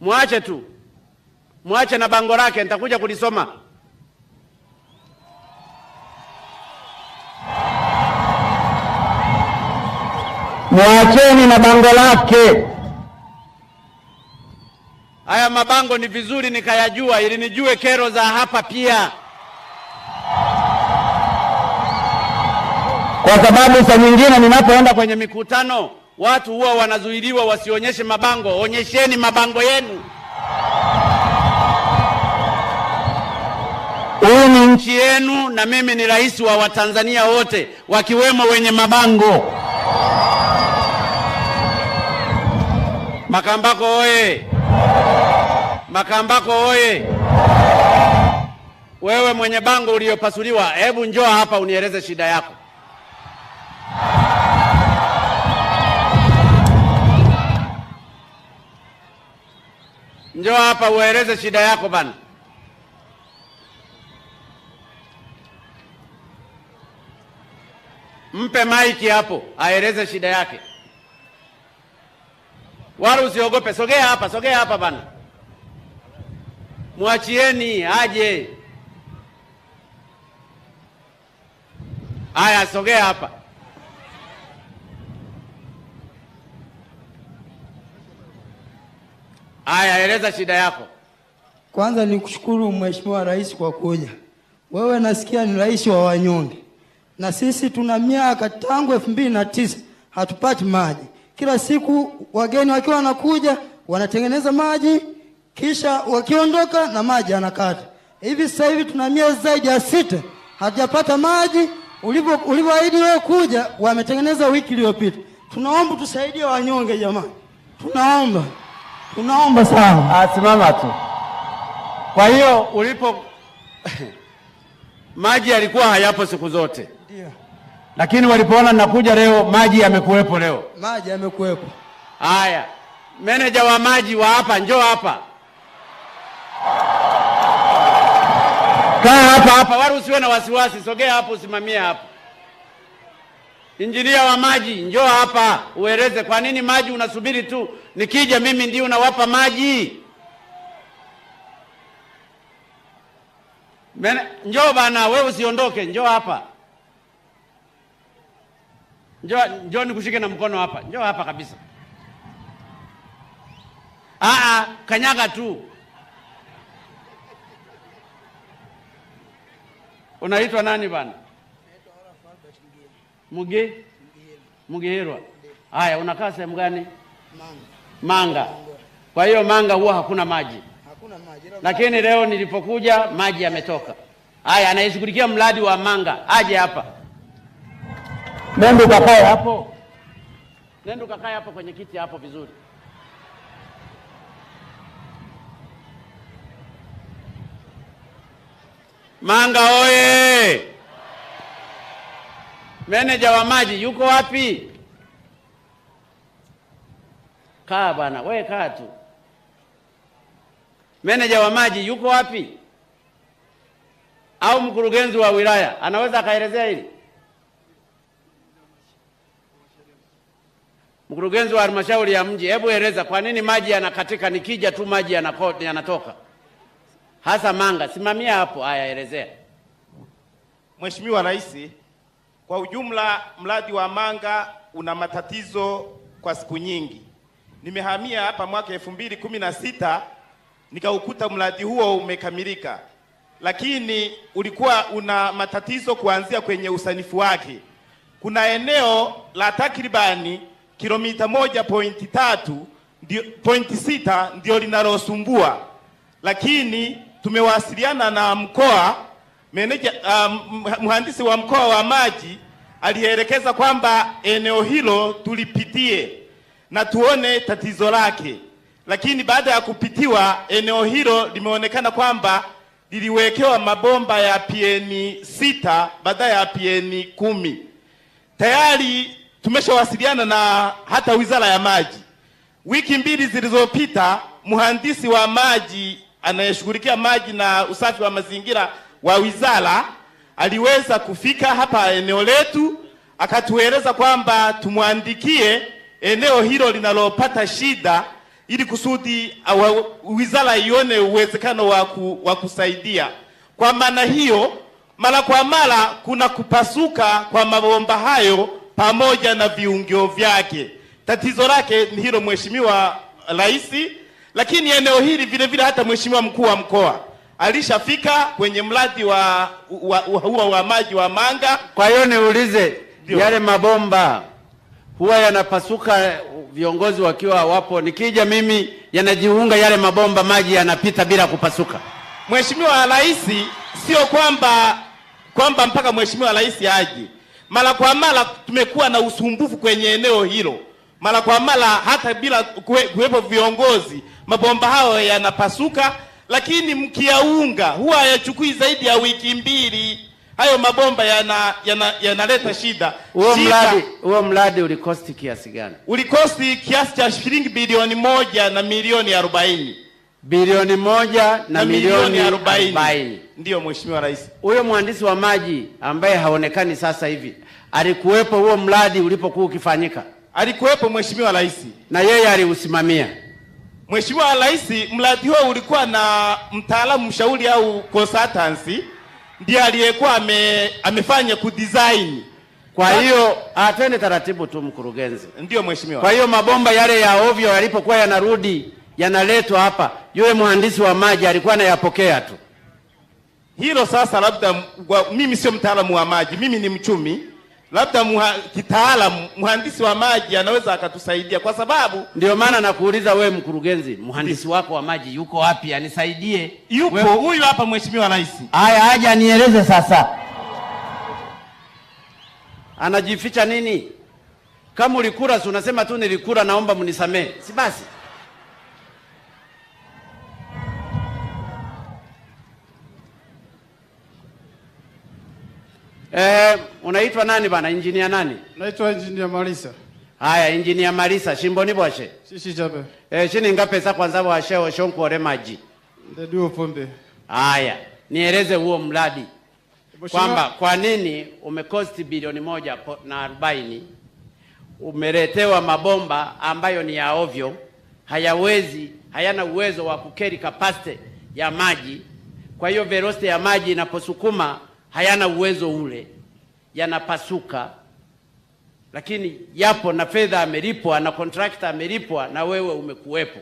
Mwache tu, mwache na bango lake, nitakuja kulisoma. Mwacheni na bango lake. Haya mabango ni vizuri nikayajua, ili nijue kero za hapa pia, kwa sababu saa nyingine ninapoenda kwenye mikutano watu huwa wanazuiliwa wasionyeshe mabango. Onyesheni mabango yenu. huu ni nchi yenu, na mimi ni rais wa Watanzania wote wakiwemo wenye mabango. Makambako oye! Makambako oye! Wewe mwenye bango uliyopasuliwa, hebu njoa hapa unieleze shida yako. njoo hapa ueleze shida yako bana. Mpe maiki hapo aeleze shida yake, wala usiogope. Sogea hapa, sogea hapa bana, mwachieni aje. aya sogea hapa. Aya, eleza shida yako. Kwanza ni kushukuru Mheshimiwa Rais kwa kuja. Wewe nasikia ni rais wa wanyonge, na sisi tuna miaka tangu elfu mbili na tisa hatupati maji. Kila siku wageni wakiwa wanakuja wanatengeneza maji, kisha wakiondoka na maji anakata. Hivi sasa hivi tuna miezi zaidi ya sita hatujapata maji. Ulivyoahidi wewe kuja, wametengeneza wiki iliyopita. Tunaomba tusaidie wanyonge, jamani, tunaomba unaomba sana, ah, simama tu. Kwa hiyo ulipo maji yalikuwa hayapo siku zote, ndio, lakini walipoona nakuja leo, maji yamekuwepo leo, maji yamekuwepo. Haya, meneja wa maji wa hapa, njoo hapa, kaa hapa hapa, wala usiwe na wasiwasi, sogea hapo, usimamie hapo. Injinia wa maji, njoo hapa, ueleze kwa nini maji unasubiri tu nikija mimi ndio unawapa maji. Njoo bana, wewe usiondoke, njoo hapa, njoo, njoo nikushike na mkono hapa, njoo hapa kabisa. Aa, ah, ah, kanyaga tu. Unaitwa nani bana? Mugi Mugihirwa. Haya, unakaa sehemu gani? Manga. Manga. Kwa hiyo Manga huwa hakuna maji, lakini leo nilipokuja maji yametoka. Haya, anayeshughulikia mradi wa Manga aje hapa. Nenda ukakae hapo, nenda ukakae hapo kwenye kiti hapo vizuri. Manga oye! Meneja wa maji yuko wapi? kaa bwana, we kaa tu. Meneja wa maji yuko wapi? Au mkurugenzi wa wilaya anaweza akaelezea hili? Mkurugenzi wa halmashauri ya mji, hebu eleza kwa nini maji yanakatika? Nikija tu maji yanatoka, hasa Manga. Simamia hapo. Haya, elezea. Mheshimiwa Rais, kwa ujumla mradi wa Manga una matatizo kwa siku nyingi. Nimehamia hapa mwaka elfu mbili kumi na sita nikaukuta mradi huo umekamilika, lakini ulikuwa una matatizo kuanzia kwenye usanifu wake. Kuna eneo la takribani kilomita moja pointi tatu pointi sita ndio linalosumbua, lakini tumewasiliana na mkoa meneja, um, mhandisi wa mkoa wa maji alielekeza kwamba eneo hilo tulipitie na tuone tatizo lake. Lakini baada ya kupitiwa, eneo hilo limeonekana kwamba liliwekewa mabomba ya PN sita baada ya PN kumi. Tayari tumeshawasiliana na hata Wizara ya Maji. Wiki mbili zilizopita, mhandisi wa maji anayeshughulikia maji na usafi wa mazingira wa wizara aliweza kufika hapa eneo letu akatueleza kwamba tumwandikie eneo hilo linalopata shida, ili kusudi wizara ione uwezekano wa kusaidia. Kwa maana hiyo, mara kwa mara kuna kupasuka kwa mabomba hayo pamoja na viungio vyake. Tatizo lake ni hilo, Mheshimiwa Rais. Lakini eneo hili vile vile hata Mheshimiwa mkuu wa mkoa alishafika kwenye mradi wa huo wa, wa, wa, wa maji wa Manga. Kwa hiyo niulize yale mabomba huwa yanapasuka viongozi wakiwa wapo. Nikija mimi yanajiunga yale mabomba, maji yanapita bila kupasuka. Mheshimiwa Rais, sio kwamba kwamba mpaka Mheshimiwa Rais aje. Mara kwa mara tumekuwa na usumbufu kwenye eneo hilo, mara kwa mara hata bila kuwepo viongozi, mabomba hayo yanapasuka, lakini mkiyaunga huwa hayachukui zaidi ya wiki mbili hayo mabomba yanaleta yana, yana shida. Huo mradi huo mradi ulikosti kiasi gani? Ulikosti kiasi cha shilingi bilioni moja na milioni arobaini bilioni moja na, na milioni arobaini. Ndiyo Mheshimiwa Rais, huyo mhandisi wa maji ambaye haonekani sasa hivi alikuwepo huo mradi ulipokuwa ukifanyika? Alikuwepo Mheshimiwa Rais, na yeye aliusimamia. Mheshimiwa Rais, mradi huo ulikuwa na mtaalamu mshauri au consultancy ndiye aliyekuwa ame, amefanya kudesign. Kwa hiyo atende ah, taratibu tu mkurugenzi. ndio mheshimiwa. Kwa hiyo mabomba yale ya ovyo yalipokuwa yanarudi yanaletwa hapa, yule mhandisi wa maji alikuwa anayapokea tu. Hilo sasa labda mimi sio mtaalamu wa maji, mimi ni mchumi labda muha, kitaalamu mhandisi wa maji anaweza akatusaidia, kwa sababu ndio maana nakuuliza wewe, mkurugenzi, mhandisi wako wa maji yuko wapi? Anisaidie. Yupo huyu hapa, mheshimiwa rais. Haya, aje anieleze sasa, anajificha nini? Kama ulikura, si unasema tu nilikura, naomba mnisamee, si basi. Eh, unaitwa nani bana? Engineer nani? Naitwa Engineer Marisa. Haya, Engineer Marisa, shimboni bwashe. Sisi jabe. Eh, shini ngapesa kwanza bwashe oshonku ole maji. Ndio pombe. Haya, nieleze huo mradi. Kwamba kwa nini umekosti bilioni moja na arobaini umeletewa mabomba ambayo ni ya ovyo, hayawezi hayana uwezo wa kukeri kapasite ya maji. Kwa hiyo velocity ya maji inaposukuma hayana uwezo ule, yanapasuka, lakini yapo na fedha amelipwa na contractor amelipwa na wewe umekuwepo.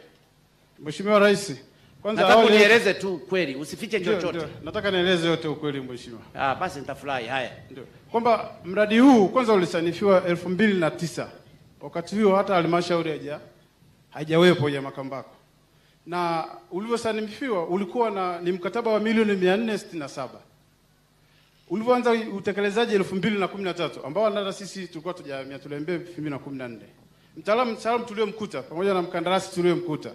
Mheshimiwa Rais, kwanza nataka nieleze tu kweli, usifiche chochote. Nataka nieleze yote ukweli mheshimiwa. Ah, basi nitafurahi. Haya, ndio kwamba mradi huu kwanza ulisanifiwa elfu mbili na tisa wakati huo hata halmashauri haja hajawepo ya Makambako, na ulivyosanifiwa ulikuwa na ni mkataba wa milioni mia nne sitini na saba ulivyoanza utekelezaji 2013 ambao hata sisi tulikuwa tujamia tuliambia 2014 mtaalamu mtaalamu tuliyomkuta pamoja na mkandarasi tuliyomkuta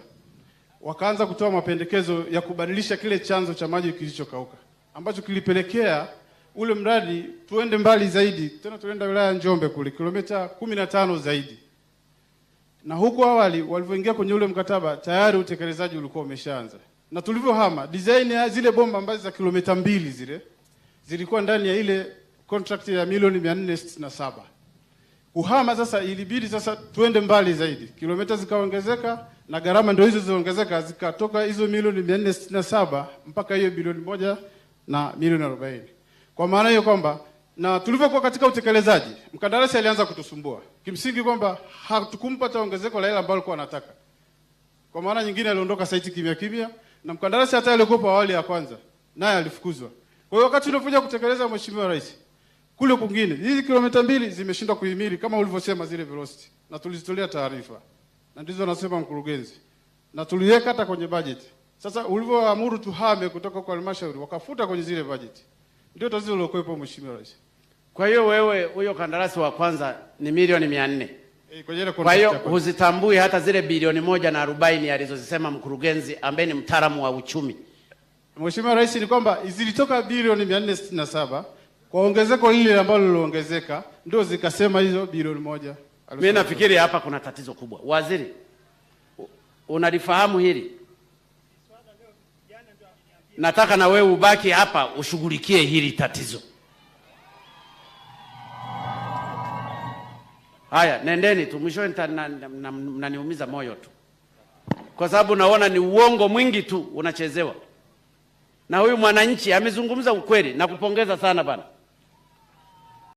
wakaanza kutoa mapendekezo ya kubadilisha kile chanzo cha maji kilichokauka ambacho kilipelekea ule mradi tuende mbali zaidi, tena tulienda wilaya ya Njombe kule kilomita kumi na tano zaidi. Na huko awali walivyoingia kwenye ule mkataba tayari utekelezaji ulikuwa umeshaanza, na tulivyohama design ya zile bomba ambazo za kilomita mbili zile zilikuwa ndani ya ile contract ya milioni saba. Kuhama sasa ilibidi sasa tuende mbali zaidi, kilomita zikaongezeka na gharama ndio hizo ziliongezeka, zikatoka hizo milioni saba mpaka hiyo bilioni moja na milioni arobaini. Kwa maana hiyo kwamba na tulivyokuwa katika utekelezaji, mkandarasi alianza kutusumbua kimsingi kwamba hatukumpa hata ongezeko la hela ambalo alikuwa anataka. Kwa maana nyingine, aliondoka saiti kimya kimya, na mkandarasi hata aliyekuwa awali ya kwanza naye alifukuzwa. Kwa hiyo wakati unakuja kutekeleza Mheshimiwa Rais, kule kwingine hizi kilomita mbili zimeshindwa kuhimili kama ulivyosema zile velocity, na tulizitolea taarifa na ndizo anasema mkurugenzi, na tuliweka hata kwenye budget. Sasa ulivyoamuru tuhame kutoka kwa halmashauri, wakafuta kwenye zile budget, ndio tatizo lilokuwepo Mheshimiwa Rais. Kwa hiyo wewe, huyo kandarasi wa kwanza ni milioni mia nne eh, kwa hiyo huzitambui hata zile bilioni moja na arobaini alizozisema mkurugenzi ambaye ni mtaalamu wa uchumi. Mheshimiwa Rais ni kwamba zilitoka bilioni 467 kwa ongezeko lile ambalo liliongezeka ndio zikasema hizo bilioni moja. Mimi nafikiri hapa kuna tatizo kubwa. Waziri, unalifahamu hili? Nataka na wewe ubaki hapa ushughulikie hili tatizo. Haya, nendeni tu, mwisho, mnaniumiza moyo tu, kwa sababu naona ni uongo mwingi tu unachezewa na huyu mwananchi amezungumza ukweli, nakupongeza sana bana.